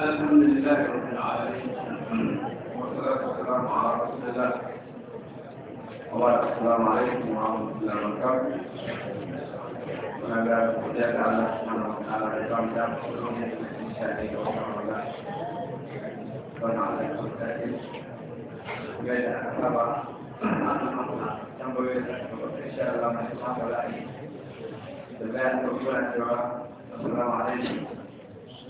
الحمد لله رب العالمين والصلاة والسلام على رسول الله وبعد السلام عليكم ورحمة الله وبركاته ونبارك وجزاك الله سبحانه وتعالى الكرم ده إن شاء الله وسبحان الله وانا على الكتاب غير أتبع tambayoyi da suka bata insha Allah mai tsaka da ai da bayan da kuma cewa assalamu alaikum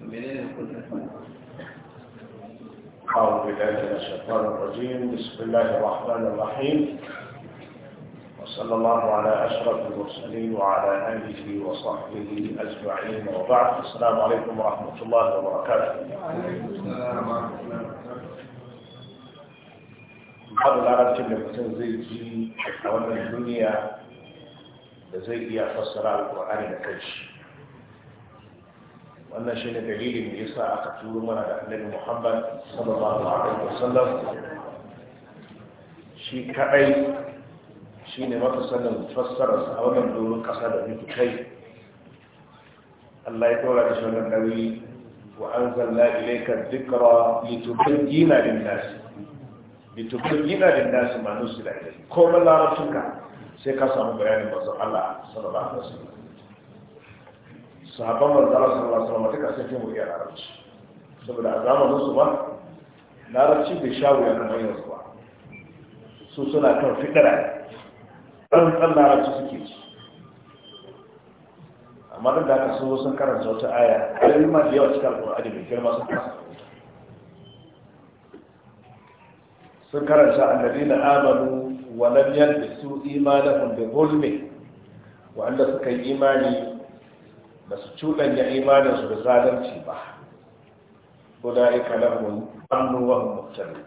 أعوذ بالله من الشيطان الرجيم بسم الله الرحمن الرحيم وصلى الله على أشرف المرسلين وعلى آله وصحبه أجمعين وبعد السلام عليكم ورحمة الله وبركاته بعض العرب اللي مثل زي الدين الدنيا زي zai iya القرآن الكريم wannan shi ne dalilin da yasa aka turo mana da annabi muhammad sallallahu alaihi wasallam shi kadai shi ne maka sanin fassararsa a wannan doron kasa da mutu kai Allah ya kora da shi wannan nauyi wa an zalla ilaika dhikra litubayyana lin-nas litubayyana lin-nas ma nusila ilayhi ko ma larabcinka sai ka samu bayanin manzon Allah sallallahu alaihi wasallam sahabban manzara sallallahu alaihi wasallam duka sun fi mu larabci saboda a zamanin su ba larabci bai sha wuya kamar yanzu ba su suna kan fitara ɗan ɗan larabci suke ci. amma duk da aka so sun karanta wata aya ayoyi ma da yawa cikin alƙur'ani mai girma sun kasa sun karanta na amanu wa lam yalbisu imanahum bi zulmi wa'anda suka yi imani ba su cuɗanya imaninsu da zalunci ba guda ika mun annuwan mutane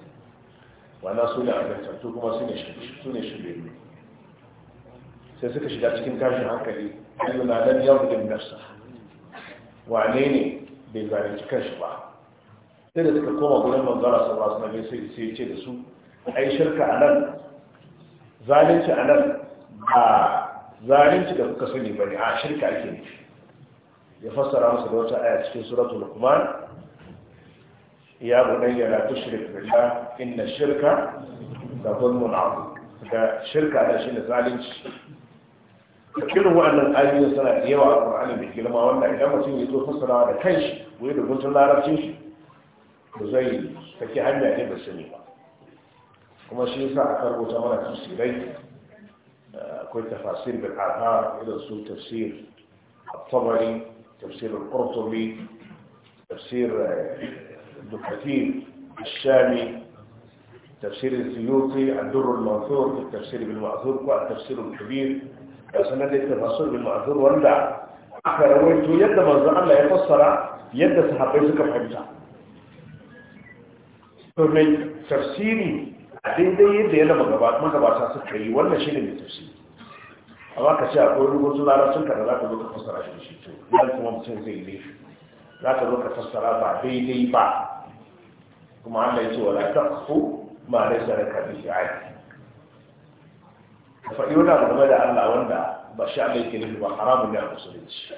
wannan su ne abintattu kuma su ne shirye sai suka shiga cikin tashin hankali ayyuna nan yau da nasa wane ne bai zalunci kanshi ba sai da suka koma gurin manzara su ba su nabi sai ce da su ai shirka a nan zalunci a nan ba zalunci da kuka sani ba ne a shirka ake nufi يفسر عن سورة آيات في سورة لقمان يا بني لا تشرك بالله إن الشرك لظلم عظيم شركة على شيء زعلش كل هو أن الآية سنة يوا القرآن بيجي لما وانا إذا ما تيجي تقول فصل على كنش ويد قلت الله رب تيجي بزاي تكي هم يعني بس نيما كم شيء ساعة كرب وزمان تفسير أي كل تفاسير بالعذار إلى سو تفسير الطبري تفسير القرطبي تفسير آه، الدكتين الشامي تفسير الزيوطي الدر المنثور في التفسير بالمعذور والتفسير الكبير وسند التفاصيل بالمعذور ولا اخر رويته يد من ظن الله يفسر يد صحابيك حمزه فمن تفسيري عديد يد يد مغبات مغبات تفسيري ولا شيء من التفسير amma ka ce akwai rubutu larabcin ka da za ka zo ka fassara shi da shi to yan kuma mutum zai ne za ka zo ka fassara ba daidai ba kuma Allah ya ce wala taqfu ma laysa laka bihi ilm ka faɗi wani abu game da Allah wanda ba sha Allah yake nufi ba haramun ne a musulunci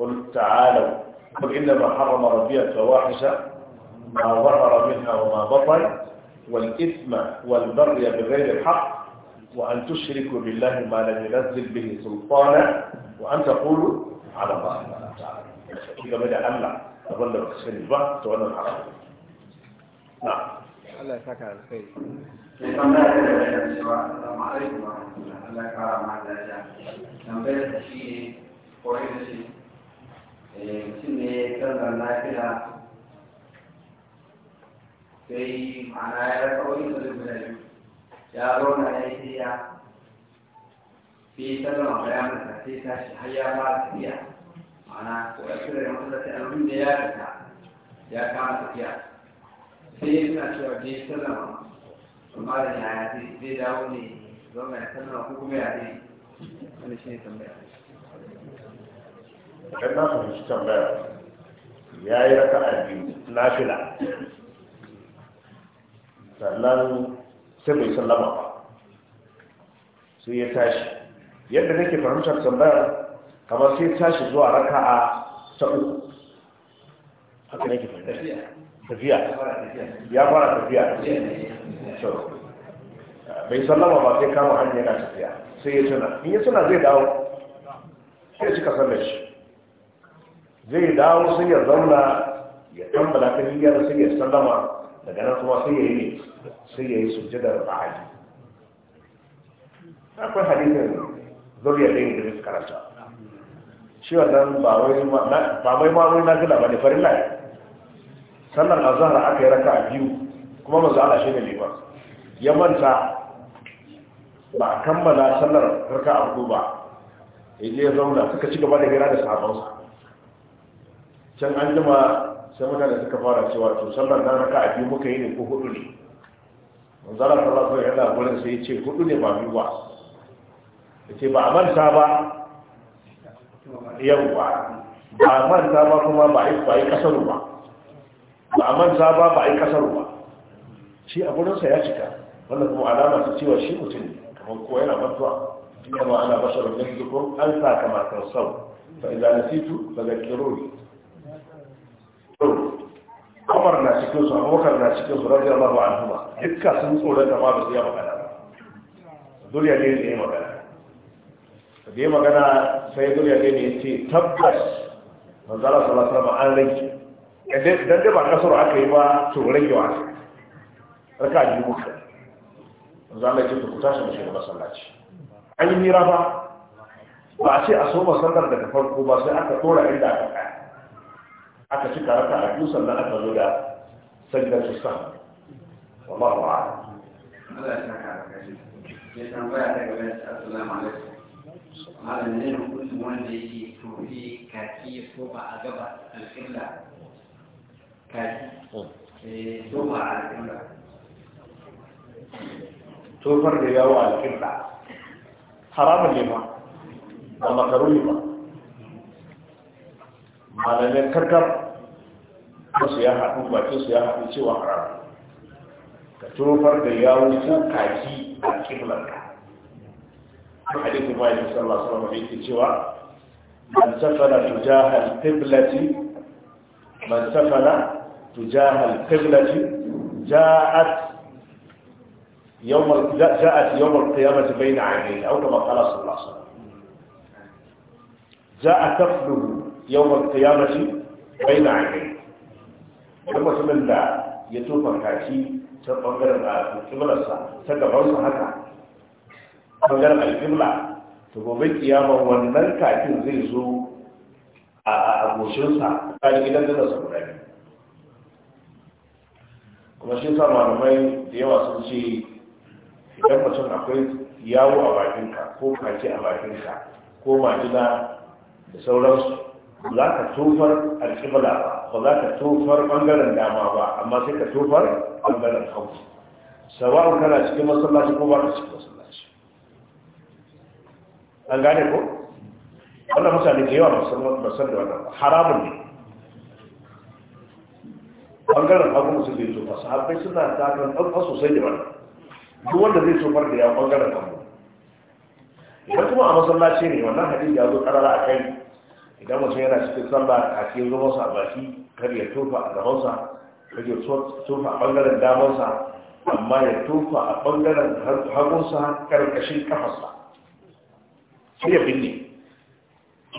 قل تعالوا قل إنما حرم ربي الفواحش ما ظهر منها وما بطن والإثم والبغي بغير الحق وأن تشركوا بالله ما لم ينزل به سلطانا وأن تقولوا على الله ما لا تعلمون إذا بدأ أملا أظن لو تسفل البعض تولى الحرام نعم الله يسعدك على الخير السلام عليكم ورحمة الله الله يكرم معنا جميعا tambayar da shi ne koyi da shi mutum ne sallar lafiya sai ma'ana ya rasa wani da zai ya zauna ya yi shirya fi sallama bayanin da sai tashi har ya ta tafiya ma'ana ko ya kira da masallaci abin da ya rika ya kama tafiya sai ya suna cewa bai sallama amma da ya ya ce zai dawo ne zauna ya sallama ko kuma ya ne wani shi ne tambaya idan na fahimci tambaya ya yi raka'a biyu na fila sannan sai bai sallama ba sai ya tashi yadda nake fahimtar tambayar kamar sai tashi zuwa raka'a ta uku haka nake fahimtar tafiya ya fara tafiya bai sallama ba sai kama hanyar yana tafiya sai ya tuna in ya tuna zai dawo sai cika sallar shi zai dawo sai ya zauna ya tambala kan hiyar sai ya sallama daga nan kuma sai ya yi ne sai ya yi sujjadar ba'adi akwai hadisin zuriyar ɗin da karanta shi wannan ba mai mawai na gina ba ne farin layi. sannan a zahara aka yi raka a biyu kuma mazu ala shi ne liman ya manta ba a kammala sallar raka a ba ile ya zauna suka ci gaba da gira da sabonsa can an jima sai mutane suka fara cewa to sallar na raka a biyu muka yi ne ko hudu ne manzara sallallahu alaihi wasallam gurin sai ce hudu ne ba biyu ba ce ba a manta ba yau ba ba a manta ba kuma ba a yi kasar ba ba a manta ba ba a yi kasar ba shi a gurinsa ya cika wanda kuma alama su cewa shi mutum kamar kowa yana mantuwa kama ana basharar min zukum an sa kama tarsau fa idza nasitu fadhakkiruni to umar na cikin su abubakar na cikin su rajin allahu anhuma dukka sun tsoron da ma ba su yi magana ba duriya ne ne magana da yi magana sai duriya ne ne ce tabbas manzara sallallahu ba wasallam an rage dan dai ba kasar aka yi ba to rage wa raka ji muku zama ce ku tashi mu shiga masallaci an yi mira ba ba a ce a so masallar daga farko ba sai aka tsora inda aka kaya aka ci raka a biyu sannan aka zo da sajidar su sa wallahu a'lam Allah ya saka a kashi ya tambaya ta gaba da assalamu alaikum malam ne hukuncin wanda yake tofi kaki ko ba a gaba alƙibla kaki ko ba a alƙibla tofar da yawo alƙibla haramun ne ba ba makaruni ba malamai kakar su ya haɗu bakin su ya haɗu cewa haram ka tofar da yawo ko kaji a kiblar kiblanka hadithin ma yi sallallahu alaihi wasallam yake cewa man safara tujahal al-qiblati man safara tujahal al-qiblati ja'at يوم جاءت يوم القيامة بين عينيه أو كما قال صلى الله عليه وسلم جاء كفله yawon kiyamashi bai na ainihi wani mutumin da ya tofar kashi ta ɓangaren a kiblarsa ta gabansa haka ɓangaren alkibla ta gobe kiyama wannan kafin zai zo a agoshinsa tsari gidan da nasa kuma shi sa malamai da yawa sun ce idan mutum akwai yawo a bakinka ko kaki a bakinka ko majina da sauransu ba za ka tofar alƙibla ba ba za ka tofar ɓangaren dama ba amma sai ka tofar ɓangaren hagu sawa'un kana cikin masallaci ko ba ka cikin masallaci an gane ko wannan mutane da yawa basar da wannan haramun ne ɓangaren hagu musu zai tofa sahabbai suna takar ɗauka sosai da wannan duk wanda zai tofar da ya ɓangaren hagu idan kuma a masallaci ne wannan hadisi ya zo ƙarara a kai idan mutum yana cikin sallah a cikin zuwa a baki kar ya tofa a gabansa kar ya tofa a bangaren damansa amma ya tofa a bangaren hagunsa karkashin kafarsa sai ya binne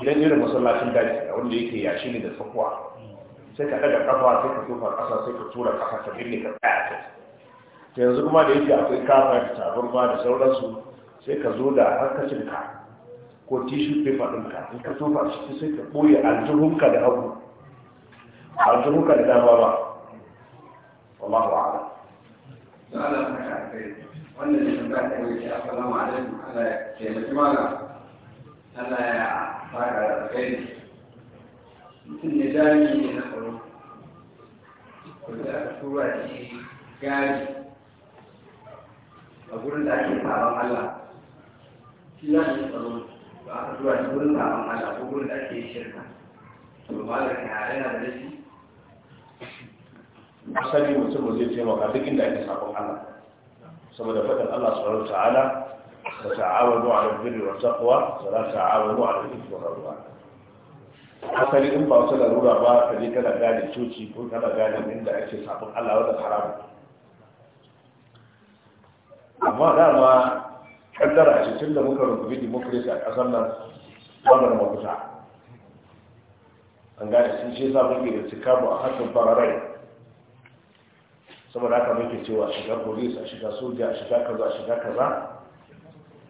idan irin masallacin daji a wanda yake yashi ne da tsakuwa sai ka daga kafa sai ka tofa kasa sai ka tura kasa ka binne ka tsaya ta yanzu kuma da yake akwai kafa da tabarma da sauransu sai ka zo da hankacinka. ko tissue paper ɗinka in ka tofa a ciki sai ka ɓoye aljihunka da hagu aljihunka da dama ba wallahu a'ala wannan da tambaya ta yi assalamu alaikum Allah ya taimaki mana Allah ya fara da kai mutum ne jami'i ne na tsaro ko da aka tura shi gari a gurin da ake taron Allah shi za a yi tsaro ba ka zuwa shi wurin kafin Allah ko wurin da ake shirka to ba da kare na da shi asali mutum zai taimaka duk inda ake sabon Allah saboda fadin Allah subhanahu ta'ala ta ta'awadu 'ala al-birri wa taqwa wa la ta'awadu 'ala al-ithmi wal 'udwan asali in ba su da larura ba ka je kana gane coci ko kana gane inda ake sabon Allah wanda haramu amma da ma. kaddara a cikin da muka rubuta democracy a kasar nan wannan mafuta an gane sun ce sa muke da cikamu a hakan fararai saboda haka muke cewa shiga police a shiga soja a shiga kaza a shiga kaza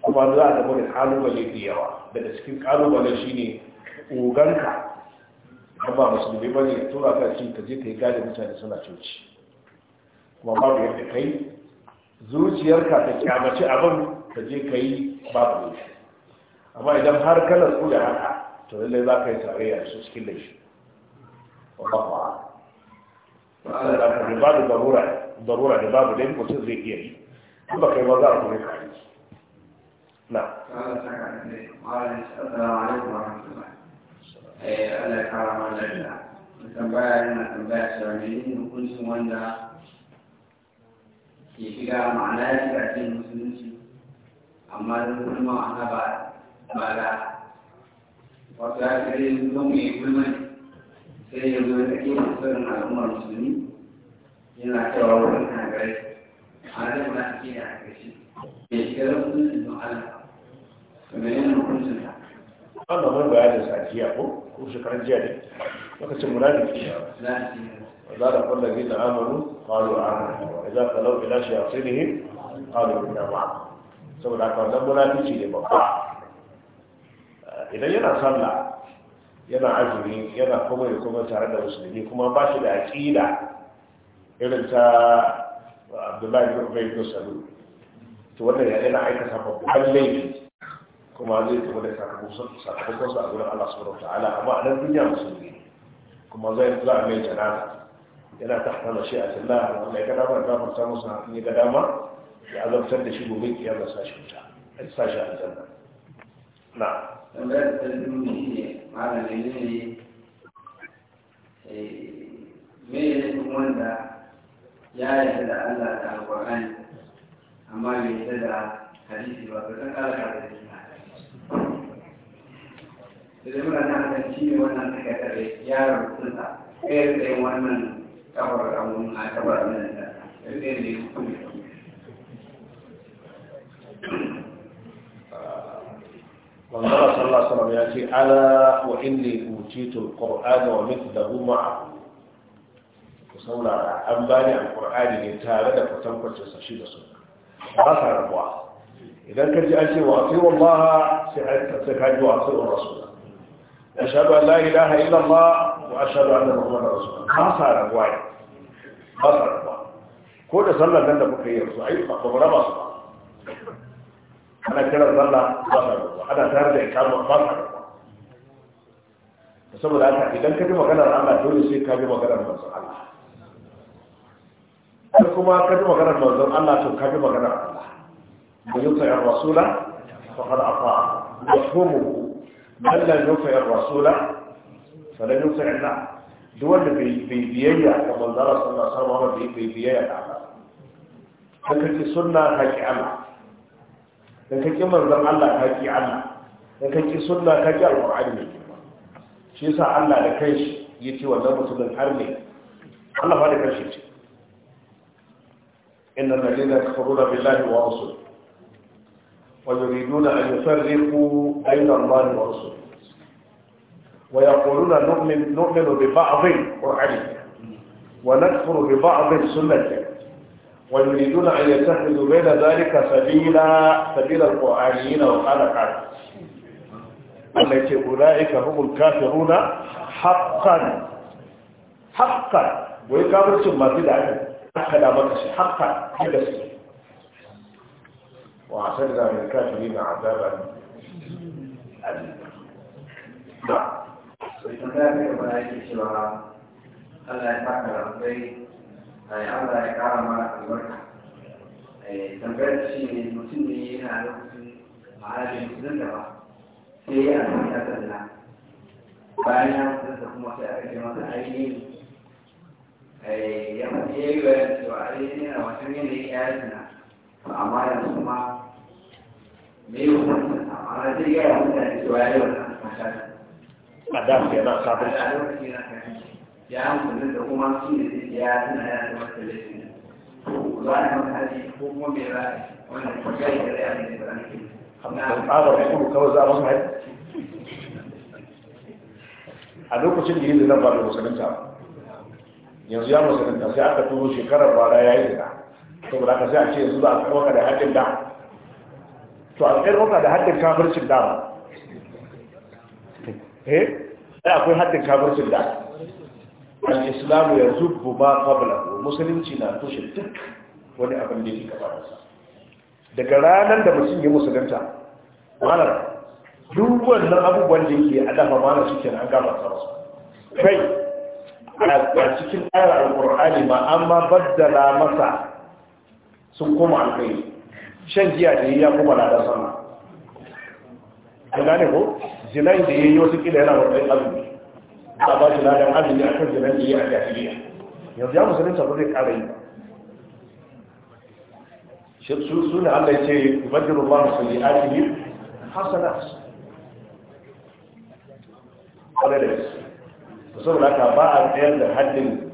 kuma za a gaba da kalubale da yawa daga cikin kalubale shine oganka an ba musulmi ba ne tura ka cin ka je ka yi gane mutane suna coci kuma babu yadda kai zuciyarka ta kyamaci abin ka je ka yi babu shi amma idan har kana so da haka to lalle za ka yi tarayya su cikin da shi a'lam ma'ana da ka babu darura darura da babu dai ko sai zai iya yi ba kai ba za ka kuma kai na Allah ya kara mana da tambaya yana tambaya cewa wanda ke shiga ma'ana ya shiga cikin musulunci amma sun kuma ana ba ba da wato ya kare zuwa mai gulma sai ya zo da ke kusurin al'ummar musulmi yana cewa wurin na gari a da muna ake da a gashi ya shiga da mutum da Allah kuma yana hukuncin ta. An ba mai bayanin sa jiya ko ko shekaran jiya ne lokacin munafiki za da kwallon gina amaru qalu amanna wa idza qalu ila shayatinihim qalu inna ba. saboda haka wannan munafici ne babba idan yana sallah yana azumi yana kuma da kuma tare da musulmi kuma ba shi da aƙida irin ta abdullahi bin ubay bin salul to wannan ya yana aikata babban laifi kuma zai tafi da sakamakon sa a gurin Allah subhanahu ta'ala amma a nan duniya musulmi kuma zai za a mai jana'a yana ta hana shi a tillah wanda ya ga dama da samun sa in ya ga dama ya azabtar da shi gobe kiyama sa shi wuta a sa shi aljanna na wanda ta duni ne malamin ne me ne wanda ya yarda da Allah da alƙur'ani amma bai yarda da hadisi ba ka san ƙara da shi da zai muna nan kan shi ne wannan sakatare yaron sunsa ɗaya da wannan kafar abun a kafar abun da ta ɗaya da ya kuma manzara sallallahu alaihi ya ce ala wa inni utitul qur'ana wa mithluhu ma'a ku saurara an bani alqur'ani ne tare da kwatankwacin sa shi da su ba sa rabuwa idan ka ji an ce wa asiru allaha sai ka ji wa asiru rasula ashhadu an la ilaha illa allah wa ashhadu anna muhammadar rasulullah ba sa rabuwa ba sa rabuwa ko da sallar nan da muka yi yanzu ai ba ku raba su ana kiran sallah ba sa rubuwa ana tare da ikama, ba sa rubuwa saboda haka idan ka ji maganar Allah dole sai ka ji maganar manzon Allah har kuma ka ji maganar manzon Allah to ka ji maganar Allah da yusa ya rasula fa qad afa mafhumu man la yusa ya rasula fa la yusa illa duk wanda bai biyayya ga manzon Allah sallallahu alaihi wasallam bai biyayya da Allah haka ce sunna haƙi Allah da ka manzon Allah ka ki Allah da ka sunna ka ƙi alƙur'ani mai girma shi yasa Allah da kanshi ya wannan mutumin har ne Allah ba da kanshi ce inna alladhina kafaru billahi wa rasulihi ويريدون أن يفرقوا بين الله ورسوله ويقولون نؤمن, نؤمن ببعض قرآنك ونكفر ببعض سنتك ويريدون أن يتخذوا بين ذلك سبيلا سبيل القرآنيين وخلقا التي أولئك هم الكافرون حقا حقا ويقابل ثم بدعا هكذا مكسي حقا مكسي وأعتدنا من الكافرين عذابا أليما نعم. Sai tambaya kai Allah ya kara mana albarka tambayar shi ne mutum ne yana lokacin ma'ajin kudin da ba sai ya sanya sanda bayan ya kudin da kuma sai aka ce masa ainihin ya mace ya yi bayan cewa ainihin yana wasan yanayin yayin na amma yanzu kuma mai yi wasan amma zai gaya mutane cewa ya yi wasan a da su yana kafin shi ya musulun da kuma shi ne zai ya tana ya da wata laifin za a yi hali ko kuma mai ra'ayi wannan kuma ya yi ra'ayi ne da ranke a lokacin da yin nan ba da musulunta yanzu ya musulunta sai aka turo shekarar bara ya yi zina saboda ka sai a ce yanzu za a tsawaka da haddin da to a tsawaka da haddin kafircin da ba eh akwai haddin kafircin da al-islamu ya zubbu ma qabla musulunci na tushe duk wani abin da yake gaba daga ranar da mutum ya musulunta malar duk wannan abubuwan da yake a dafa mana suke an gaba sa kai a cikin ayar alkur'ani ma amma ma baddala masa sun koma alƙai. shan jiya da ya kuma da sama an gane ko zinan da ya yi wasu kila yana matsayin azumi a ba shi ladan azumi a kan jinan iya a jahiliya yanzu ya musulunta ba zai kara yi shi su suna allah ce yubadiru ba musulmi a cikin hasanas ƙwararres da haka ba a tsayar da haddin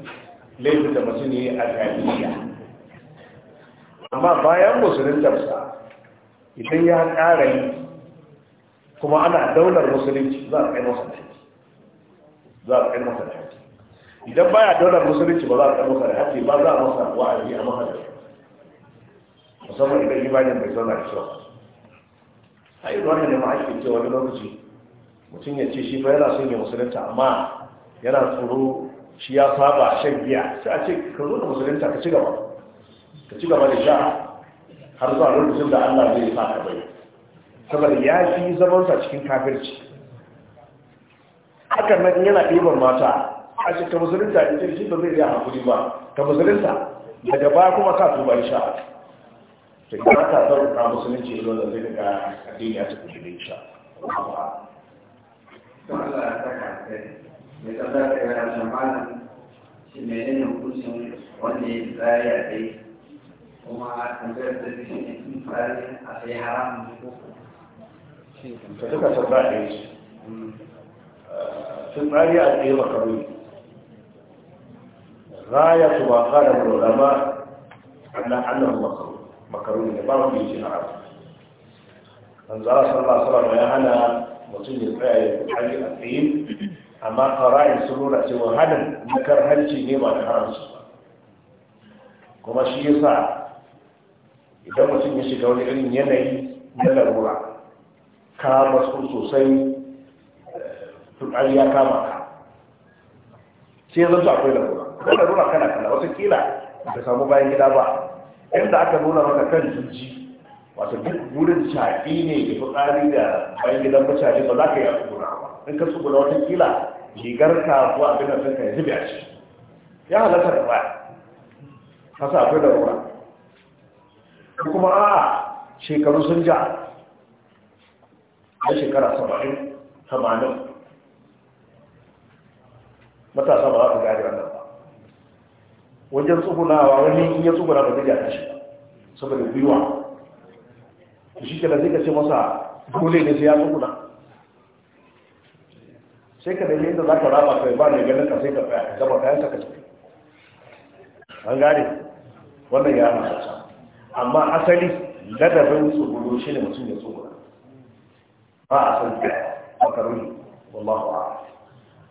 laifin da mutum ne a jahiliya amma bayan musuluntarsa idan ya ƙara yi kuma ana daular musulunci za a kai musulunci za a kai masa da haƙƙi idan baya daular musulunci ba za a kai masa da haƙƙi ba za a masa wa'azi a masa musamman idan imanin bai zauna da kyau a yi wannan ne ma ake ce wani lokaci mutum ya ce shi fa yana son ya musulunta amma yana tsoro shi ya saba shan giya sai a ce ka zo da musulunta ka ci gaba ka ci gaba da sha har zuwa lokacin da Allah zai sa ka bai saboda ya fi zamansa cikin kafirci haka nan yana ɗiban mata a ce ka musulunta a cikin da zai iya hakuri ba ka musulunta daga baya kuma ka tuba insha to idan ta tsaro na musulunci da zai daga addini ya tafi da insha Allah Allah ya saka kai mai tsada da ya shamana shi mai yin hukuncin wanda ya yi tsari a kai kuma a tambayar da shi ne sun fara a sai haramun ko ka sun tsari a tsaye makaroni raya su ba kara rorama annan annan makaroni da ba mu yi jina abu an zara sallah sallah ya hana mutum ya tsaya ya tsari a tsaye amma ƙara'in sun nuna cewa hannun na hanci ne ba da haramsu ba kuma shi ya sa idan mutum ya shiga wani irin yanayi na larura ka masu sosai tsari ya kama ka sai zan su akwai larura ko larura kana kana wata kila ka samu bayan gida ba inda aka nuna maka kan zuci, wato duk wurin shaƙi ne da fitsari da bayan gidan mutane ba za ka yi a tsuguna ba in ka tsuguna wata kila rigar ka ko abin da ka kai zube a ci ya halatta da baya Kasa sa akwai larura ko kuma a shekaru sun ja a shekara saba'in matasa ba za su gari wannan ba wajen tsugunawa wani in ya tsuguna ba zai ya shi saboda gwiwa shi ke da zai ka ce masa dole ne sai ya tsuguna sai ka nemi da za ka raba kai ba ne ganin ka sai ka tsaya gaba kayan ka tafi an gane wannan ya hana sassa amma asali ladabin tsugulu shi ne mutum ya tsugula ba a san makaruni wallahu a'ala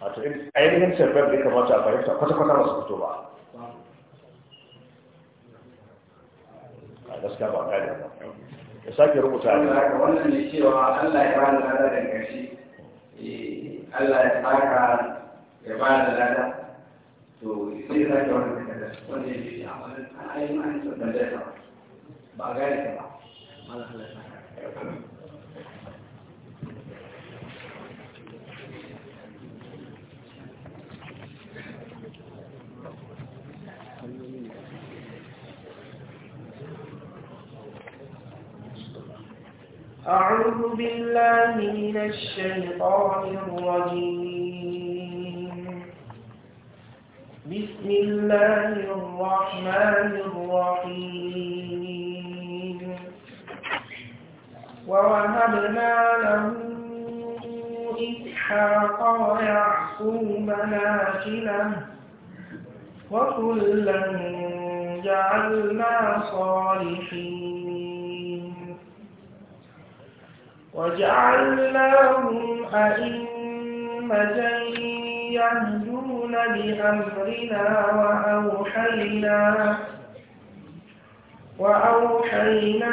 wato ainihin shirgar da ya kamata a fahimta kwata-kwata masu fito ba a gaskiya ba gane ba ya sake rubuta a wannan ne cewa allah ya bani lada da gashi. Eh, allah ya baka ya bani lada to sai ya sake wannan da ƙarshe wanda ya ce a wani ainihin ba gane ta ba أعوذ بالله من الشيطان الرجيم بسم الله الرحمن الرحيم ووهبنا له إسحاق ويعقوب ناكلة وكلا جعلنا صالحين وجعلناهم أئمة يهدون بأمرنا وأوحينا وأوحينا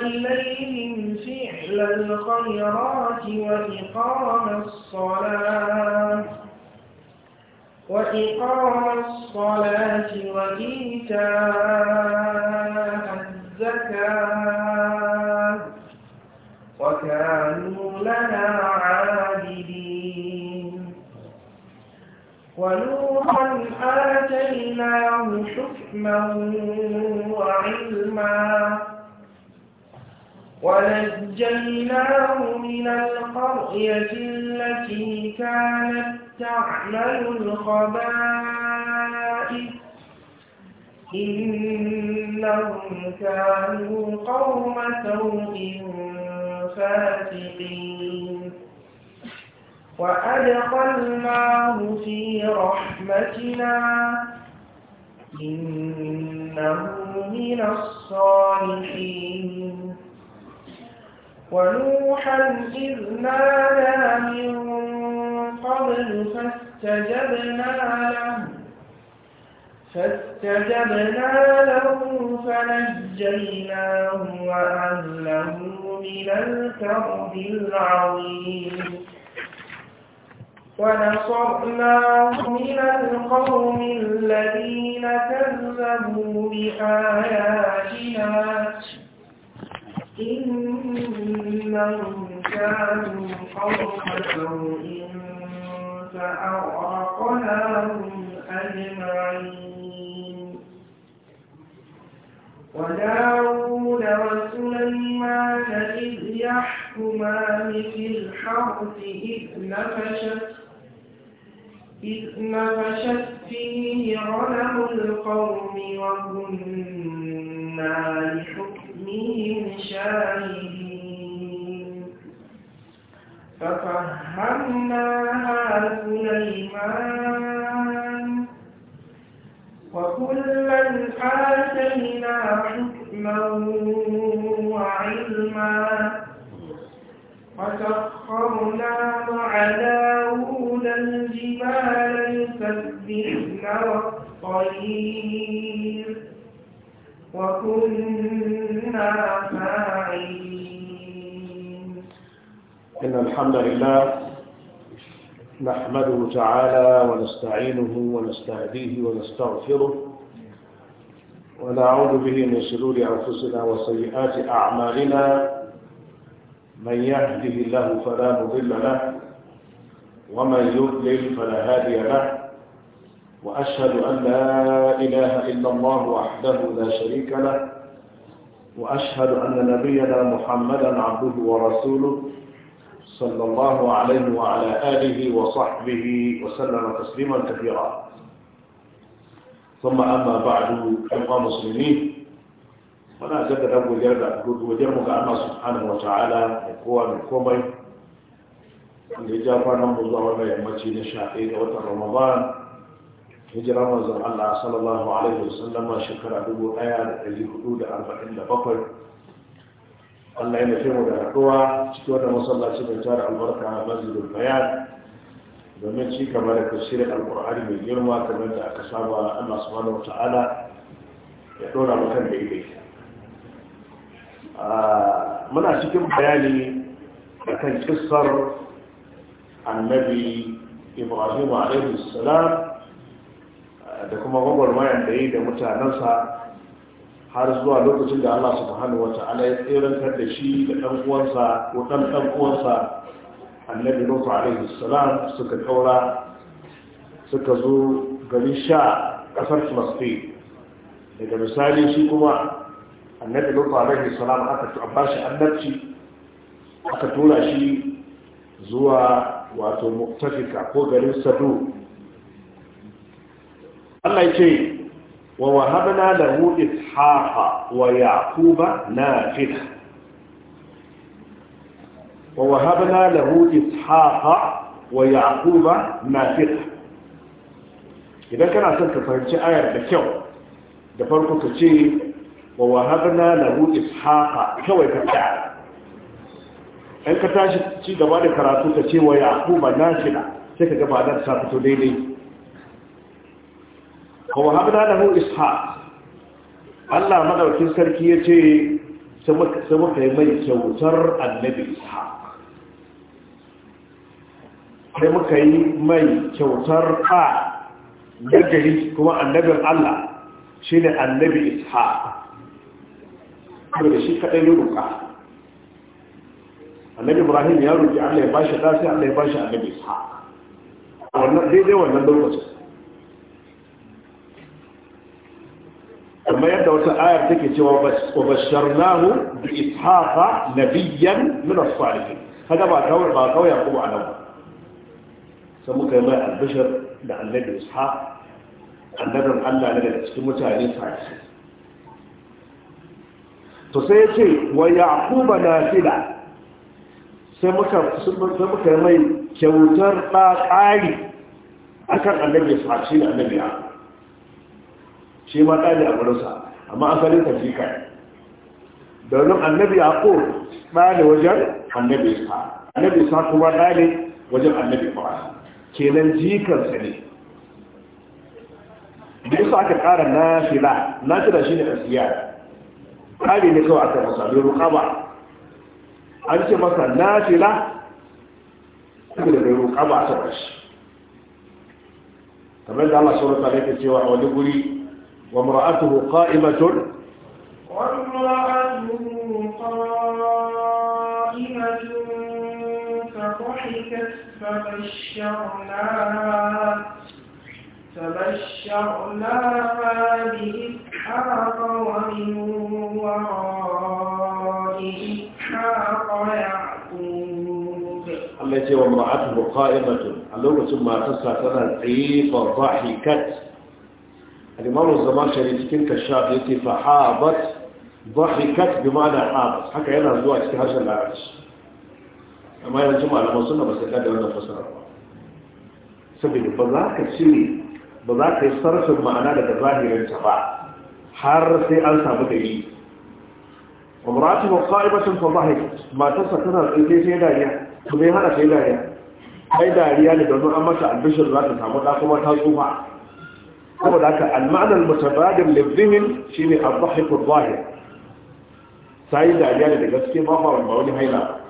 إليهم فعل الخيرات وإقام الصلاة وإقام الصلاة وإيتاء الزكاة وكانوا لنا عابدين ولوطا آتيناه حكما وعلما ونجيناه من القرية التي كانت تعمل الخبائث إنهم كانوا قوم سوء الفاتقين وأدخلناه في رحمتنا إنه من الصالحين ونوحا إذ نادى من قبل فاستجبنا له فاستجبنا له فنجيناه وأهله من الكرب العظيم ونصرناه من القوم الذين كذبوا بآياتنا إنهم كانوا قوم سوء فأغرقناهم أجمعين وداود رسول سلمان إذ يحكمان في الحرث إذ نفشت إذ نفشت فيه غنم القوم وكنا لحكمهم شاهدين ففهمناها سليمان وكلا آتينا حكما علما وسخرنا مع داود الجبال يسبحن والطير وكنا فاعلين إن الحمد لله نحمده تعالى ونستعينه ونستهديه ونستغفره ونعوذ به من شرور أنفسنا وسيئات أعمالنا من يهده الله فلا مضل له ومن يضلل فلا هادي له وأشهد أن لا إله إلا الله وحده لا شريك له وأشهد أن نبينا محمدا عبده ورسوله صلى الله عليه وعلى آله وصحبه وسلم تسليما كثيرا an a ثم أما بعد أيها المسلمين muna jaddada godiyar da godiyar mu ga Allah subhanahu wa ta'ala da kowa da komai da ya ja kwanan mu zuwa wannan yammaci na sha ɗaya ga watan Ramadan hijirar manzon Allah sallallahu alaihi wasallam shekara dubu ɗaya da ɗari hudu da arba'in da bakwai Allah ya nufi mu da haɗuwa cikin wannan masallaci mai tara albarka masjidul bayan domin ci gaba da tafsirin alkur'ani mai girma kamar da aka saba Allah subhanahu wata'ala ya dora mu kan daidai ah, muna cikin bayani kan kissar annabi ibrahim alaihi salam ah, da kuma gwagwarmayar da yi da mutanensa har zuwa lokacin da Allah subhanahu wata'ala ya tsirantar da shi da ɗan'uwansa, uwansa ko ɗan ɗan annabi nuhu alaihi salam suka kaura suka zo garin sha kasar filastin daga misali shi kuma annabi nuhu alaihi salam aka bashi annabci aka tura shi zuwa wato muktafika ko garin sadu Allah ce wa wahabna lahu ishaqa wa yaquba nafila wa wahabna lahu ishaqa wa yaquba nafiq idan kana son ka fahimci ayar da kyau da farko ka ce wa wahabna lahu ishaqa kawai ka tsaya in ka tashi ci gaba da karatu ka ce wa yaquba nafiq sai ka gaba da sa fito daidai wa Allah maɗaukin sarki yace sai yi mai kyautar annabi ishaqa sai muka yi mai kyautar a na gari kuma annabin Allah shi ne annabi isha da shi kaɗai ya ruka annabi ibrahim ya ruki Allah ya ba shi sai Allah ya ba shi annabi isha daidai wannan lokacin kuma yadda wata ayar take cewa wa basharnahu bi ishaqa nabiyan min as-salihin hada ba kawai ba kawai ya anan alamu sai muka yi mai albishir da annabi isha annabin allah ne daga cikin mutane sa'isi to sai ya ce wa yaquba nafila sai muka sai muka yi mai kyautar da ƙari akan annabi ishaq shi ne annabi ya shi ma ɗali a gurinsa amma asalin tafi kai domin annabi yaqub ɗali wajen annabi isha annabi isha kuma ɗali wajen annabi ibrahim kenan jikansa ne da yasa aka ƙara nafila nafila shi ne asiya ƙari ne kawai aka masa bai rukaba an ce masa nafila kuma da bai rukaba a saman shi kamar da Allah sauran tare ke cewa a wani guri wa mura'atuhu qa'imatun ضحكت فبشرناها فبشرناها بإسحاق ومن وراء إسحاق يعقوب الله يجي وامرأته قائمة اللغة ما تسعى سنة عيب ضحكت الإمام الزمخشري شريف تلك الشاب يتي فحابت ضحكت بمعنى حابت حكى هنا الزواج في العرش amma yanzu malaman suna ba su da wannan fasara ba saboda ba za ka cire ba za ka yi sarfin ma'ana daga ta ba har sai an samu da yi umaratu wa qa'ibatun fa zahir matarsa tana tsaye sai dariya to bai hada sai dariya kai dariya ne domin an mata albishir za ta samu da kuma ta tsufa saboda haka al-ma'na al-mutabadir lidhihin shine ad-dhahik ad-zahir sai dariya ne da gaske ba ba wani haila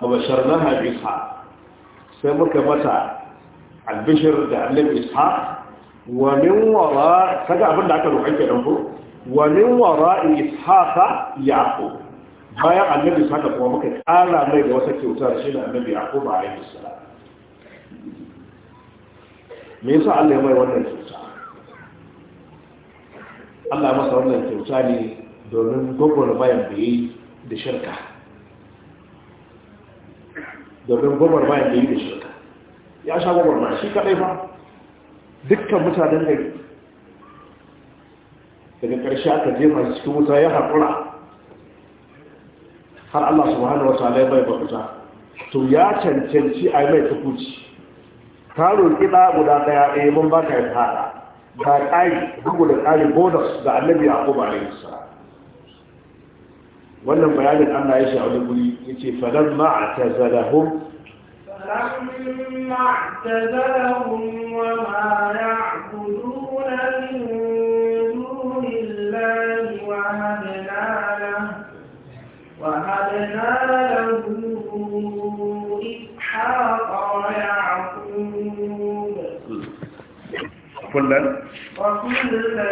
فبشرناها بإسحاق سمك متى البشر تعلم إسحاق ومن وراء سجع بنا عكا نحيك ننفر ومن وراء إسحاق يعقوب بايع النبي إسحاق هو مكة قال النبي وسكي وتارشين النبي يعقوب عليه السلام me yasa Allah ya mai wannan kyauta Allah masa wannan kyauta ne domin gwagwar bayan da yi da domin gwamar bayan da yi da shirka ya sha gwamar ma shi kaɗai ba dukkan mutanen gari daga karshe aka je masu cikin wuta ya haƙura har Allah subhanahu wa ta'ala bai bai bakuta to ya cancanci a mai tukuci ta roƙi ɗa guda ɗaya ɗaya eh, mun ka yi fara ba ƙari bugu da ƙari bonus da annabi a ko bare sa wannan bayanin Allah ya shi a wani guri يتي فلما اعتزلهم فلما اعتزلهم وما يعبدون من دون الله وهبنا له وهبنا له إسحاق ويعقوب وكلا وكلا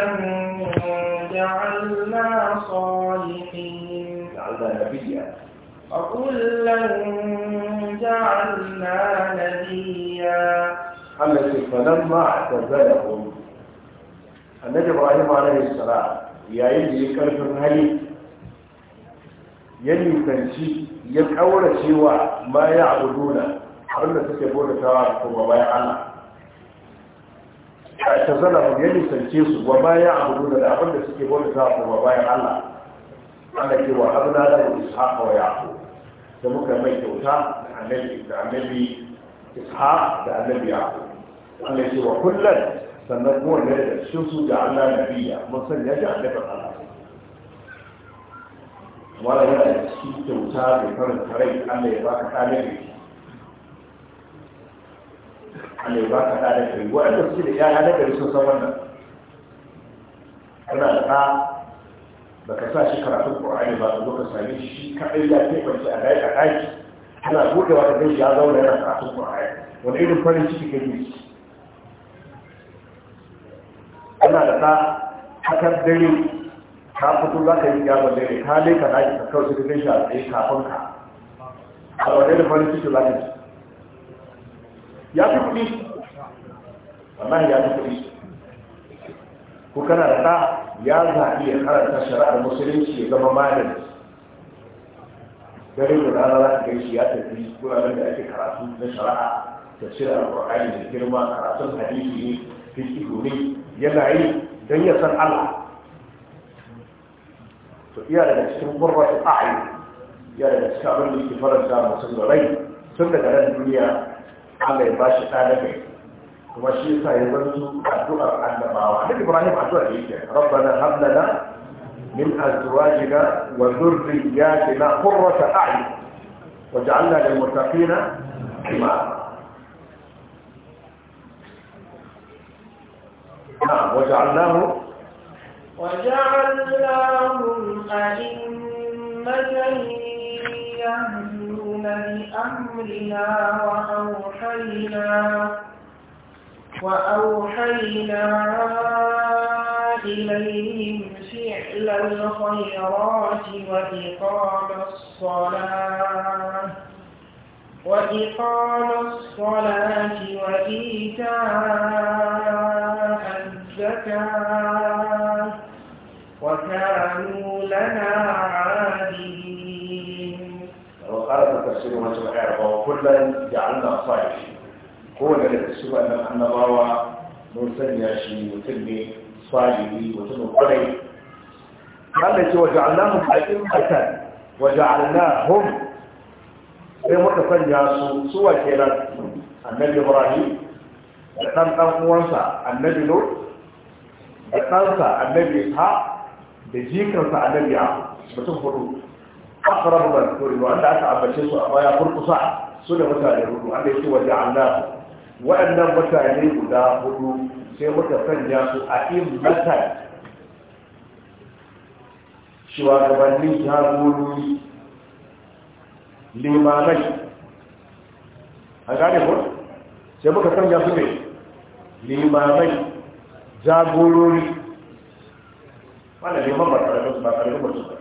جعلنا صالحين جعلنا نبيا وكلا جعلنا نبيا التي فلما اعتزلهم النبي ابراهيم عليه السلام يا يجي كلف هلي يلي كنشي ya kaura cewa ma ya abuduna har da suke bude tawa kuma bayan Allah a tazala mu ya nisance su wa ma ya abuduna da da Allah ke wa wa da muka mai kyauta da annabi da annabi ishaq da annabi yaqub Allah ya ce wa kullun sannan kuma da cikin su da Allah nabiya mun sanya shi annabi Allah wala yana cikin kyauta da farin tarai Allah ya baka ɗalibi Allah ya baka ɗalibi waɗanda suke da yaya na gari sun san wannan kana da baka sa shi karatun ƙwararri ba ka ka sami shi kaɗai ya ke kwanci a dai a daki kana buɗewa da gaji ya zauna yana karatun ƙwararri wani irin farin ciki ke yi ana da ta hakar dare ka fito za ka yi gyara dare ka dai ka daki ka kawai ka gaji a tsaye kafin ka a wani irin farin ciki za ka ji ya fi kuɗi Wannan ya fi kuɗi ko kana da ta ya zaɓi ya karanta shari'ar musulunci ya zama malin dare da rana za ka gaishe ya tafi wuraren da ake karatu na shari'a tafsir al kurani da girma karatun hadisi ne fiki ne yana yi don ya san Allah to iya daga cikin qurratu a'yun iya daga cikin abin da yake faranta mutum rai tun daga nan duniya Allah ya bashi shi na gari وشيخ يبدو الدعاء النبعوة حديث إبراهيم عن دعاء إيجا ربنا هبلنا من أزواجنا وذرياتنا قرة أعين وجعلنا للمتقين إماما نعم وجعلناه وجعلناهم أئمة يهدون بأمرنا وأوحينا وأوحينا إليهم فعل الخيرات وإقام الصلاة وإقام الصلاة وإيتاء الزكاة وكانوا لنا عابدين وقال تفسير ما سبحانه وكلا جعلنا صالحين kowane daga suka nan annabawa mun sanya shi mutum ne salihi mutum kwarai Allah ce wa ja'alnahum a'immatan wa ja'alnahum sai muka sanya su su wa kenan annabi Ibrahim da dan dan uwansa annabi Lut da ɗansa annabi Isa da jikarsa annabi Yaqub mutum hudu aqrabu mazkuri wanda aka ambace su a baya kurkusa su da mutane hudu Allah ya ce wa ja'alnahum waɗannan mutane guda hudu sai muka sanya su a in matan shugabannin jagorori limamai a gane ku, sai muka sanya su ne limamai jagorori wanda neman ba tare da ba tare da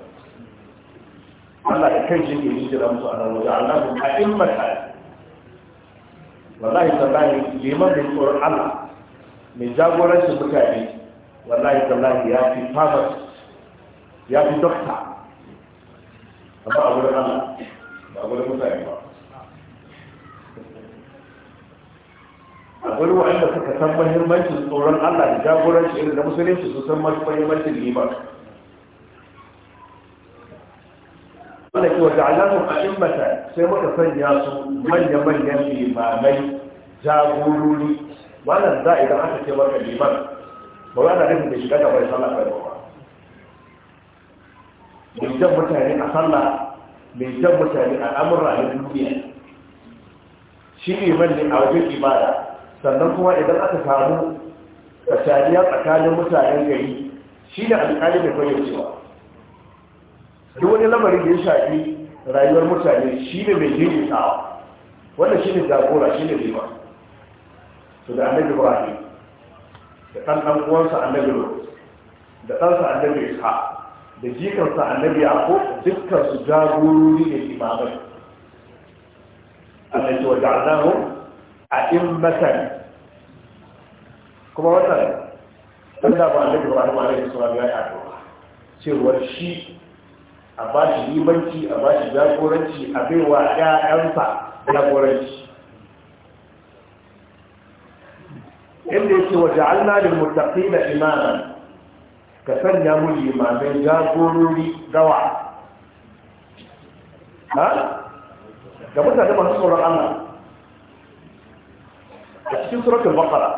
Allah da kai shi ne yi jira musu a nan wajen Allah a in matan wallahi tallahi liman da tsoron Allah mai jagorancin mutane wallahi tallahi ya fi famar ya fi dokta amma a wurin Allah ba a wurin mutane ba a wurin wa'anda suka san mahimmancin tsoron Allah da jagoranci irin da musulunci su san mahimmancin liman Allah ke wa ja'alahum a'immatan sai muka sanya su manya-manyan limamai jagorori wannan za idan aka ce maka liman ba za a nufin da shiga gabar sallah kai ba mai jan mutane a sallah mai jan mutane a amurra na duniya shi liman ne a wajen ibada sannan kuma idan aka samu tsakaniya tsakanin mutanen gari shi ne alƙalin da kwayar cewa duk wani lamarin da ya shafi rayuwar mutane shi ne mai tsawa wanda shi ne zagora shi ne riba su da annabi ibrahim da ɗan ɗan uwansa annabi lot da ɗansa annabi isha da jikansa annabi ko dukkan su jagorori ne imamai Allah ya ce a in matan kuma wannan tunda ba annabi ibrahim alaihi salam ya yi addu'a cewa shi a ba shi limanci a ba shi jagoranci a baiwa ƴaƴansa jagoranci inda yake wa ja'alna lil muttaqina imama ka sanya mu limamin jagorori gawa ha ga mutane masu tsoron Allah a cikin suratul baqara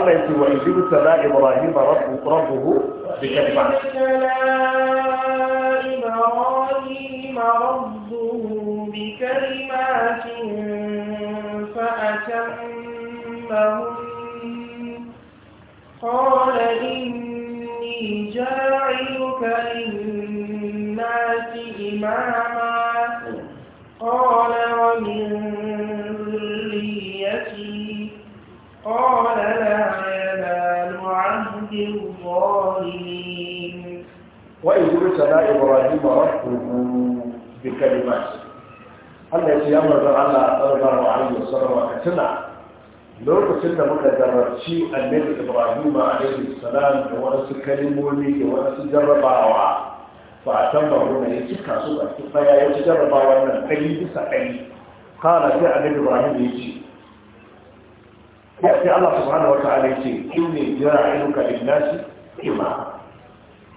Allah yake wa ijibu tala ibrahim rabbuhu bi kalimat إماما قال ومن ذريتي قال لا ينال عهد الظالمين وإذ ابتلى إبراهيم ربه بكلمات Allah ya ce ya manzan Allah sallallahu alaihi wasallam ka tuna lokacin da muka jarrabci annabi Ibrahim alaihi salam da wasu kalimomi da wasu jarrabawa fa a san babu na ya cika su a cikin baya ya ci jarraba wannan kai bisa kai kana sai annabi ibrahim ya ce ya ce allah subhanahu wataala ya ce inni ne lin-nasi ima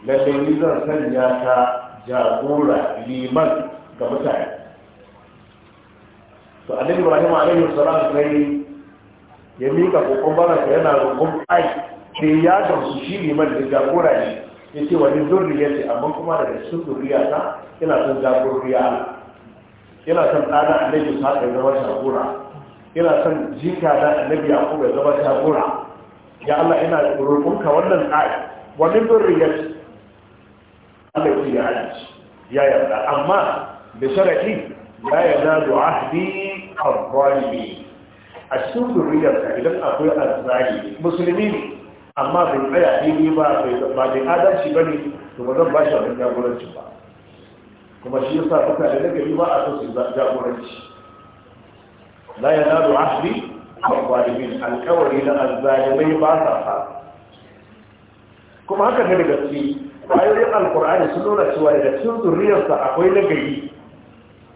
lalle ni zan sanya ta jagora liman ga mutane to annabi ibrahim alaihi salam sai ya mika kokon baraka yana roƙon ai ke ya gamsu shi liman da jagora ne yace wani min ce amma kuma daga cikin ta ina son jagoriya ina son ɗana annabi sa da zama shagora ina son jika da annabi yaqub ya zama shagora ya Allah ina roƙonka wannan tsari. Wani min zurriyati Allah ya aji ya yarda amma da ya yarda yanalu ahdi a zalimi a cikin zurriyarsa idan akwai al musulmi ne amma bai tsaya daidai ba ba bai adalci ba ne to ba zan ba shi wannan jagoranci ba kuma shi yasa mutane na daga ba a so su jagoranci la ya nadu ahli wa zalimin alqawli na azalimi ba sa fa kuma haka ne da gaske ayoyin alqur'ani sun nuna cewa daga cikin zuriyarsa akwai na gari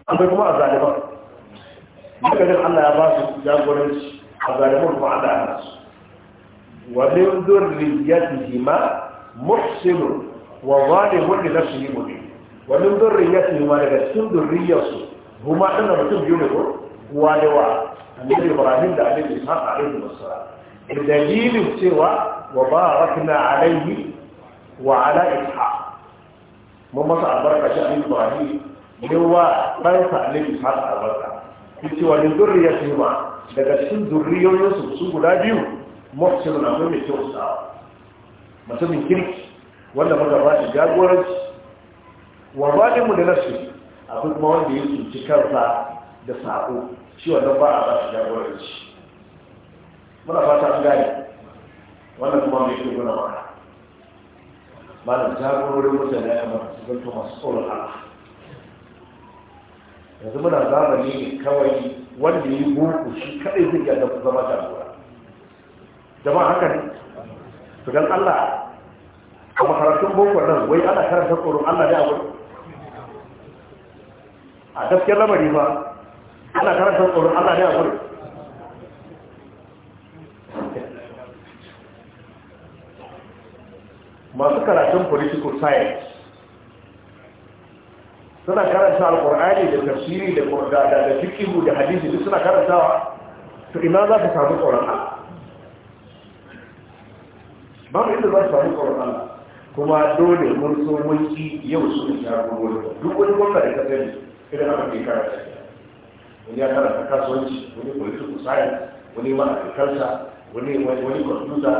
akwai kuma azzaliman daga Allah ya ba su jagoranci azzaliman ba da ya su ومن ذريتهما محسن وظالم لنفسه مبين ومن ذريتهما لجسم ذريته هما أن مكتوب يونيكو ولواء النبي إبراهيم ده عليه الإسحاق عليه الصلاة بدليل سوى وباركنا عليه وعلى إسحاق mun masa albarka شأن إبراهيم ibrahim yawa dan إسحاق annabi ishaq albarka yace wa min zurriyatihi ma daga cikin zurriyoyin muhsinun akwai mai kyau sa mutumin kirki wanda muka ba shi jagoranci wa mu da nasu akwai kuma wanda ya tunci kansa da sako shi wanda ba a ba shi jagoranci muna fata an gane wannan kuma mai kyau guna mana malam jagororin mutane ya masu zanto masu tsoron Allah yanzu muna zamani ne kawai wanda ya yi gurku shi kaɗai zai yadda ku zama jagora jama'a haka ne su gan Allah a makarantun boko nan wai ana karanta tsoron Allah ne a abu a gaskiyar lamari ba ana karanta tsoron Allah ne a abu masu karatun political science suna karanta alkur'ani da tafsiri da da fikihu da hadisi duk suna karantawa to ina za ka samu tsoron Allah babu inda za su samu tsoron Allah kuma dole mun so mun yau su ne jagorori duk wani gwamna da ka idan aka kai kara ta wani ya ta kasuwanci wani political science wani ma'aikarsa wani wani computer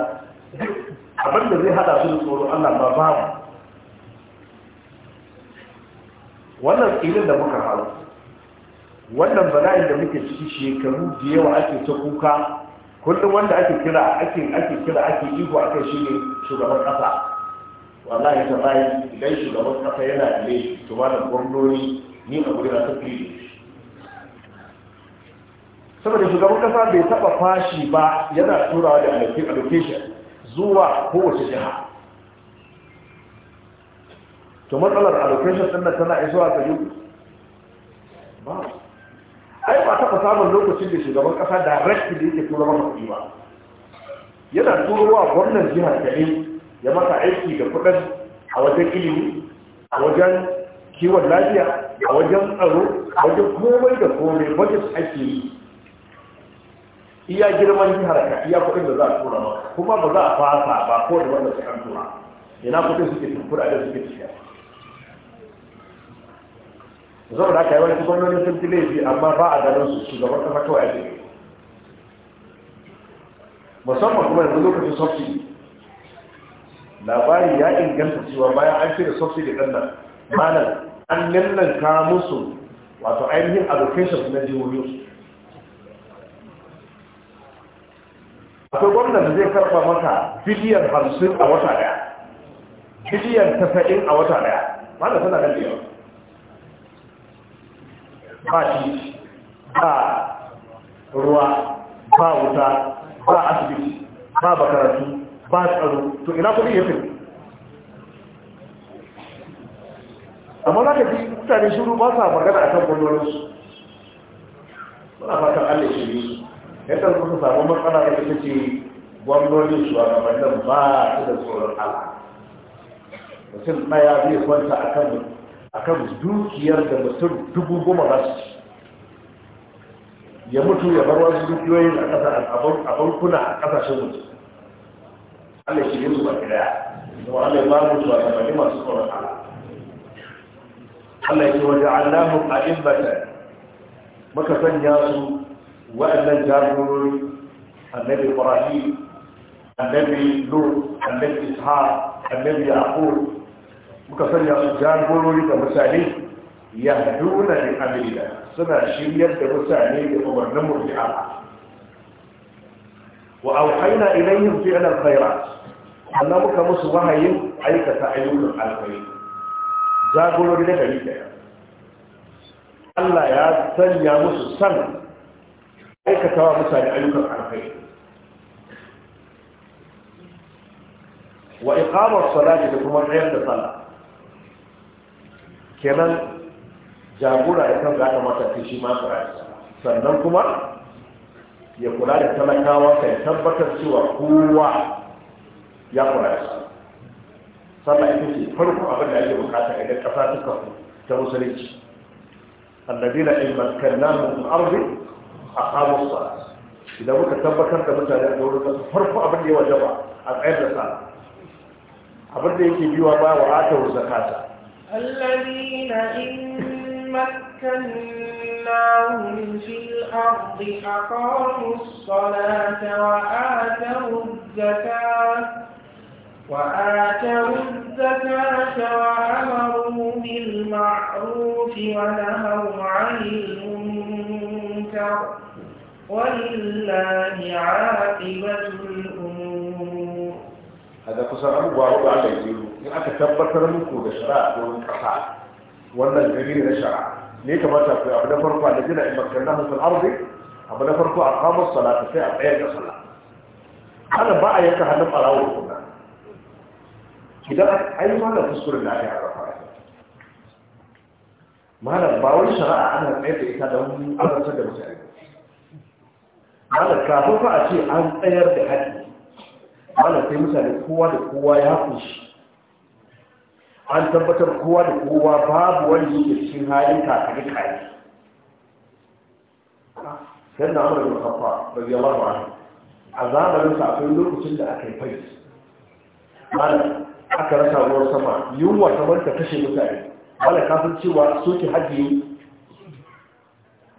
abin da zai hada su da tsoro Allah ba babu wannan ilin da muka hau wannan bala'in da muke ciki shekaru da yawa ake ta kuka kullum wanda ake kira ake ake kira ake iko akai shine shugaban kasa wallahi ta bai idan shugaban kasa yana da laifi to ba da gwamnoni ni a gurin ta fi saboda shugaban kasa bai taba fashi ba yana turawa da allocation zuwa kowace jiha to matsalar allocation din tana isuwa ga yau ba ai ba taɓa samun lokacin da shugaban ƙasa rashi da yake tura masa kuɗi ba yana turowa gwamnan jihar kaɗai ya maka aiki da kuɗin a wajen ilimi a wajen kiwon lafiya a wajen tsaro a wajen komai da komai wajen ake yi iya girman jihar ka iya kuɗin da za a tura maka kuma ba za a fasa ba ko da wanda suka tura ina kuɗin suke tukura da suke tafiya zama da aka yi wani gwamnoni sun fi laifi amma ba a ganin su shugaban kasa kawai ake musamman kuma yanzu lokacin subsidy labari ya inganta cewa bayan an shirya subsidy ɗan nan manar an lallanka musu wato ainihin allocation na jihohi akwai gwamnan zai karfa maka biliyan hamsin a wata daya biliyan tasa'in a wata daya malam suna nan da ba shi ba ruwa ba wuta ba asibiti ba bakaratu ba tsaro to ina kudi ya fi amma za ka ji mutane shuru ba sa magana a kan gwamnoninsu suna fatan allah shi ne yadda su samu matsala da ita ce gwamnonin nan ba su da tsoron ala mutum ɗaya zai kwanta a kan akan dukiyar da mutum dubu goma za su ci ya mutu ya bar wasu dukiyoyin a ƙasa a bankuna a ƙasashen mutu Allah shi yi zuwa ba daya kuma Allah ya ba mu su ba masu tsoron Allah Allah ya wajen Allahun a imbata maka sanya su wa'annan jagorori annabi Ibrahim annabi Nur annabi Ishaq annabi Yaqub muka sanya su jagorori da mutane ya duna da amina suna shiryar da mutane da umarnin murji'a wa auhaina ilayhim fi al-khairat Allah muka musu wahayin aikata ayyukan alkhairi jagorori da gari daya Allah ya sanya musu san aikata wa mutane ayyukan alkhairi wa iqamar salati da kuma tsayar da sallah kenan jagora ya kan gada mata ta shi ma sannan kuma ya kula da talakawa kai tabbatar cewa kowa ya kula sannan ita ce farko abin da ake bukata ga ɗan ƙasa ta kafu ta musulunci annabi na in mankan namun arzi a kamun sa idan muka tabbatar da mutane da wurin kasu farko abin da ya wajaba a tsayar da sa abin da yake biyuwa ba wa ake zakata. الذين إن مكناهم في الأرض أقاموا الصلاة وآتوا الزكاة وآتوا الزكاة وأمروا بالمعروف ونهوا عن المنكر ولله عاقبة الأمور هذا قصر أبو أبو in aka tabbatar muku da shari'a ko wani kasa wannan gari na shari'a ne kamata ku abu na farko da jina in makarna hasan arzi abu na farko a kamar salata sai a tsayar da sallah ana ba a yanka hannun ɓarawo da kuna idan an yi mana kuskuren da aka harafa malam ba wani shari'a ana tsayar da ita don an rantsar da mutane malam kafin fa a ce an tsayar da haɗi malam sai mutane kowa da kowa ya kunshi an tabbatar kowa da kowa babu wani yake cikin halin kakari kai sai na amurka da kafa da yamar ba a zamanin akwai lokacin da aka yi fai mana aka rasa ruwan sama yunwa kamar ta kashe mutane wala kafin cewa soke haji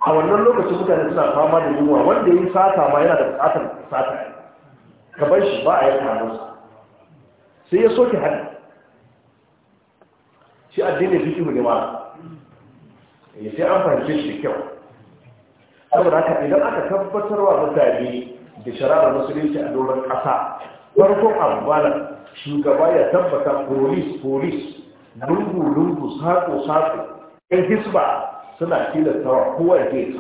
a wannan lokacin mutane suna fama da yunwa wanda yin sata ma yana da bukatar sata ka bar shi ba a yi kamar sai ya soke haji shi addinin fiƙihu ne ma eh, sai an fahimci shi kyau saboda haka idan aka tabbatar wa mutane da shara'ar musulunci a doron ƙasa farkon abubuwan shugaba ya tabbata polis polis lungu lungu sako sako ɗan hisba suna tilastawa kowa ya zai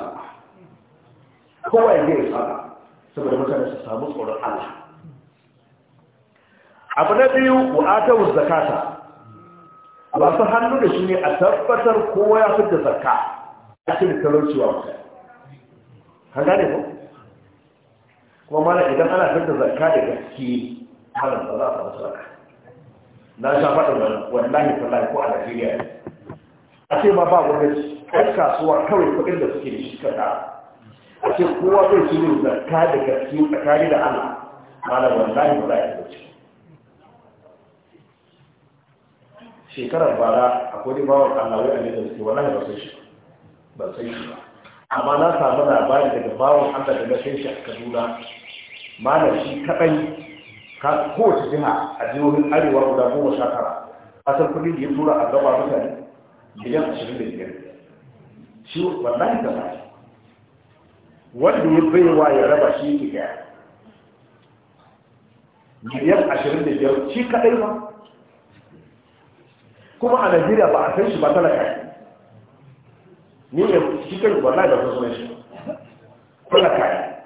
kowa ya zai saboda mutane su samu tsoron allah abu na biyu wa'atawar zakata masu hannu da shi ne a tabbatar kowa ya da zarka a cikin wa musa Ka gane ko kuma mana idan ana da zarka da gaske halin ba za a samu zakka na sha faɗin wallahi tallahi ko a Najeriya a ce ma ba wani ɗan kasuwa kawai kuɗin da suke da shi kaɗa a ce kowa zai shi ne zarka da gaske tsakani da Allah malam wallahi ba za a yi shekarar bara akwai kodin bawon Allah a ne da suke wallahi ba sai shi ba sai shi ba amma na samu labari daga bawon Allah da na sai shi a Kaduna malam shi kaɗai ka kowace jiha a jihohin arewa guda goma sha tara asal kudin da ya tura a gaba mutane miliyan ashirin da biyar shi wallahi ka ba wanda ya baiwa ya raba shi ke gaya miliyan ashirin da biyar shi kaɗai ba kuma a najeriya ba a san shi ba talaka ne ne shi kan wallahi da kusa shi talaka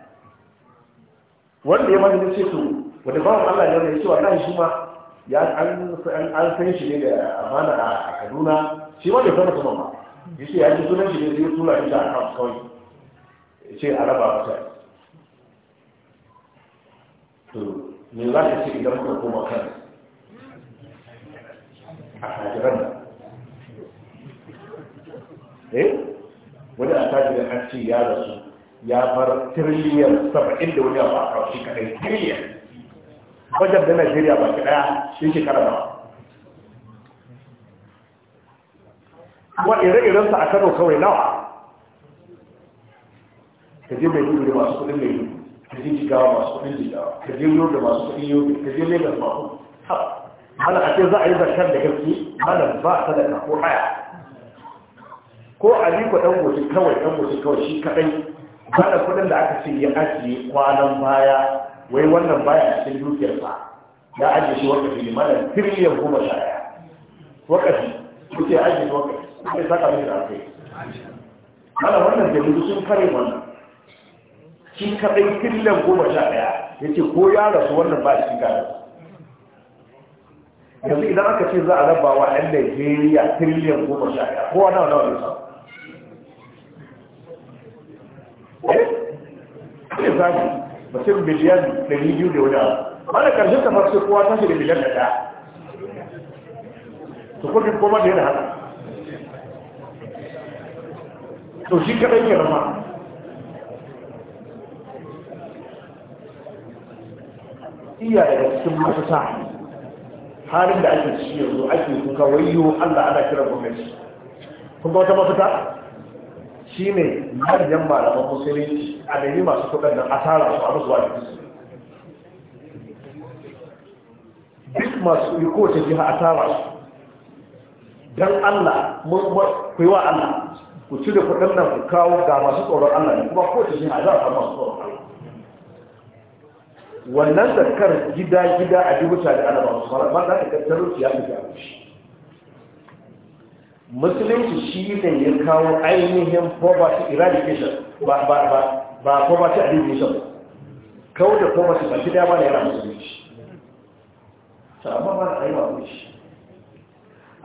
wanda ya mata da ce to wanda bawan Allah ya ne cewa kan shi ma ya an an san shi ne da amana a Kaduna shi ma da sanata kuma ya ce ya ji sunan shi ne zai tura shi da akan kawai Ya ce a raba masa to me za ka ce idan kuma koma kan attajiran eh wani attajiran an ce ya rasu ya bar tiriliyan saba'in da wani abu a kawo shi kadai tiriliyan wajen da najeriya ba ki daya shi shekara ba kuma ire-irensa a kano kawai nawa ka je mai duk da masu kudin mai gudu ka je jigawa masu kudin jigawa ka je yau da masu kudin yau ka je lagos masu mana a ce za a yi zarkar da gaske mana ba sadaka ko haya ko aliko ɗan goshin kawai ɗan goshin kawai shi kaɗai ba da da aka ce ya ajiye kwanan baya wai wannan baya cikin dukiyarsa ya ajiye shi wakafi ne mana tiriliyan goma sha ɗaya wakafi kuke ajiye shi wakafi kuke saka mai da akai mana wannan jami'u sun kare wannan shi kaɗai tiriliyan goma sha ɗaya ya ce ko ya rasu wannan ba cikin gadon yanzu idan aka ce za a raba wa ɗan Najeriya tiriliyan goma sha ɗaya kowa nawa nawa wani sa eh za mu mutum miliyan ɗari biyu da wani abu mana ƙarshen kamar sai kowa ta da miliyan da ɗaya to kudin koma da yana haka to shi kaɗai ne rama iya sun cikin masu sa'a halin da ake ci yanzu ake kuka wayo Allah ana kira gwamnati kun ga wata mafita shi ne manyan malaman musulunci a nemi masu kudin nan a tara su a musu wajen duk masu yi kowace jiha a tara su don Allah ku yi wa Allah ku ci da kudin nan ku kawo ga masu tsoron Allah ne kuma kowace jiha za a samu masu tsoron Allah wannan zakar gida-gida a dubuta da ana masu fara ba za ta kattaro su ya fi da shi musulunci shi ne ya kawo ainihin poverty eradication ba ba a ba poverty eradication kawo da poverty ba gida ba da yana musulunci ba a yi ba shi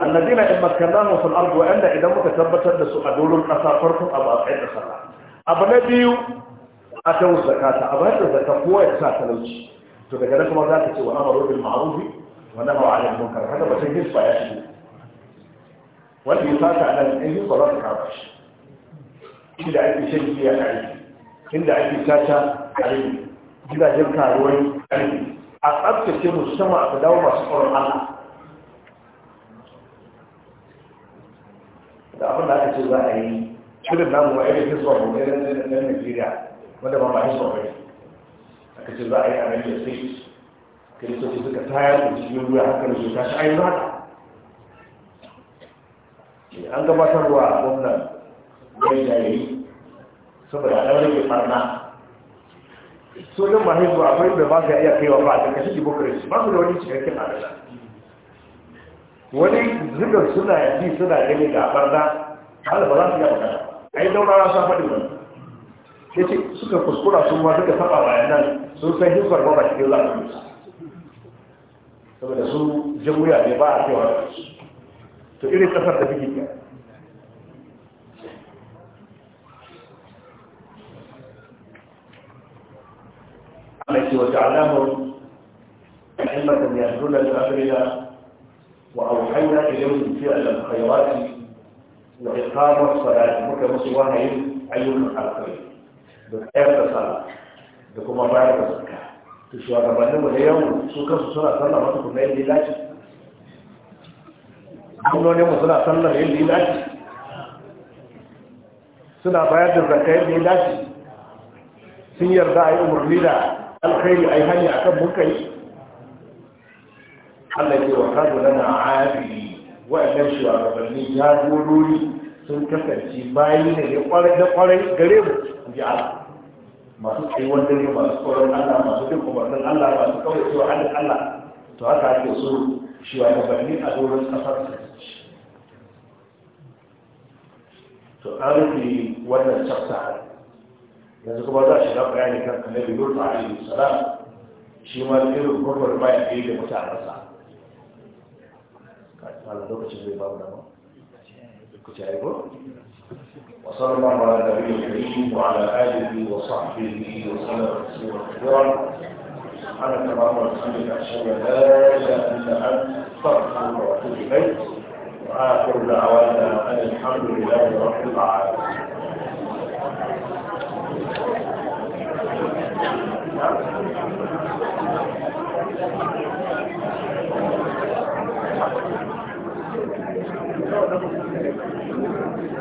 annabina in makanna musul arzuwa yanda idan muka tabbatar da su a dorin ƙasa farkon abu a tsaye da sana abu na biyu atau zakata a bayar da zakka kowa ya sa talauci to daga nan kuma za ka ce wa amaru bil ma'ruf wa nahu 'anil munkar haka batun hisba ya shigo wanda ya saka a nan in hisba za ka kama shi inda ake shan giya a aiki inda ake tata a aiki gidajen karuwai a aiki a tsabtace musamman a dawo masu tsoron Allah da abin da aka ce za a yi shirin namu wa irin hisba mu na Najeriya wanda ba masu son rai aka ce za a yi a nan da sai kiristoci suka tayar da cikin ruwa haka ne ta shi ayi haka eh, an gabatarwa gwamnan gwamnan yayi saboda an rage farna sojin mahaifu akwai da ba su iya kaiwa ba a kashi democracy ba su da wani cikakken adala wani zugar suna ji suna gani da barna hada ba za su yi magana a yi daura sa faɗi wani ya ce suka kuskura sun ma suka saba bayanan sun san hinsar ba ba cikin zaɓen saboda su jamhuriya ne ba a cewa to irin ƙasar da suke ke Allah ce wata alamun أئمة يهدون بأمرنا وأوحينا إليهم فعل الخيرات وإقام الصلاة وكما سواها أيها الخير da tsayar da sallah da kuma bayar da zakka to shugabannin mu da yawan su kansu suna sallah masu kuma yin lilaci gwamnonin mu suna sallah yin lilaci suna bayar da zakka yin lilaci sun yarda a yi umarni da alkhairi a yi hanya akan bukai Allah ke wa kazo lana abi wa'annan shugabanni jagorori sun kasance bayi ne da kwarai gare mu bi'a masu tsayuwar dare masu tsoron Allah masu bin umarnin Allah masu kawai cewa halin Allah to haka ake so shi wa gabanni a doron kasar su to an rufe wannan chapter yanzu kuma za a shiga bayani kan annabi Lut alaihi salam shi ma irin gurbar bayan da yake mutanensa ka tsara lokacin zai babu dama ku ci aiko وصلى الله على النبي الكريم وعلى آله وصحبه وسلم تسليما كثيرا سبحانك اللهم وبحمدك أشهد أن لا إله إلا أنت أستغفرك وأتوب إليك وآخر دعوانا أن الحمد لله رب العالمين Thank you.